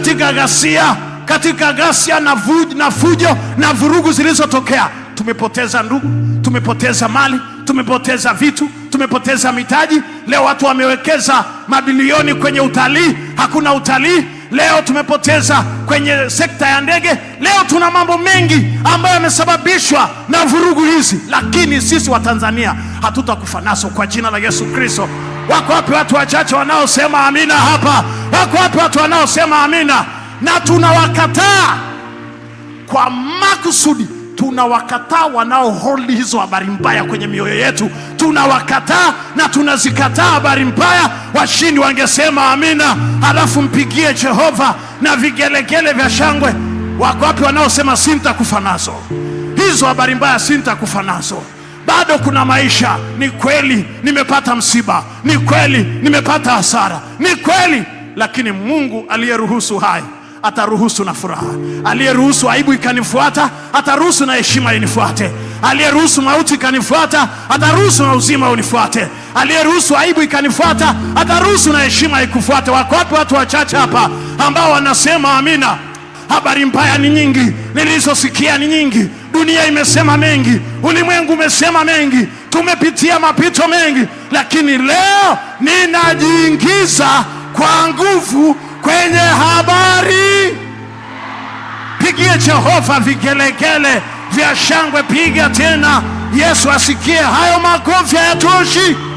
katika ghasia, katika ghasia na, na fujo na vurugu zilizotokea, tumepoteza ndugu, tumepoteza mali, tumepoteza vitu, tumepoteza mitaji. Leo watu wamewekeza mabilioni kwenye utalii, hakuna utalii. Leo tumepoteza kwenye sekta ya ndege. Leo tuna mambo mengi ambayo yamesababishwa na vurugu hizi, lakini sisi Watanzania hatutakufa naso kwa jina la Yesu Kristo. Wako wapi watu wachache wanaosema amina hapa? Wako wapi watu wanaosema amina? Na tunawakataa kwa makusudi, tunawakataa wanaoholi hizo habari mbaya kwenye mioyo yetu, tunawakataa na tunazikataa habari mbaya. Washindi wangesema amina, halafu mpigie Jehova na vigelegele vya shangwe. Wako wapi wanaosema sintakufa nazo hizo habari mbaya, sintakufa nazo bado kuna maisha. Ni kweli nimepata msiba, ni kweli nimepata hasara, ni kweli lakini Mungu aliyeruhusu hai ataruhusu na furaha. Aliyeruhusu aibu ikanifuata ataruhusu na heshima inifuate. Aliyeruhusu mauti ikanifuata ataruhusu na uzima unifuate. Aliyeruhusu aibu ikanifuata ataruhusu na heshima ikufuate. Wako wapi watu wachache hapa ambao wanasema amina? Habari mbaya ni nyingi, nilizosikia ni nyingi, dunia imesema mengi, ulimwengu umesema mengi, tumepitia mapito mengi, lakini leo ninajiingiza kwa nguvu kwenye habari. Pigie Jehova vigelegele vya shangwe, piga tena. Yesu asikie. Hayo makofi hayatoshi.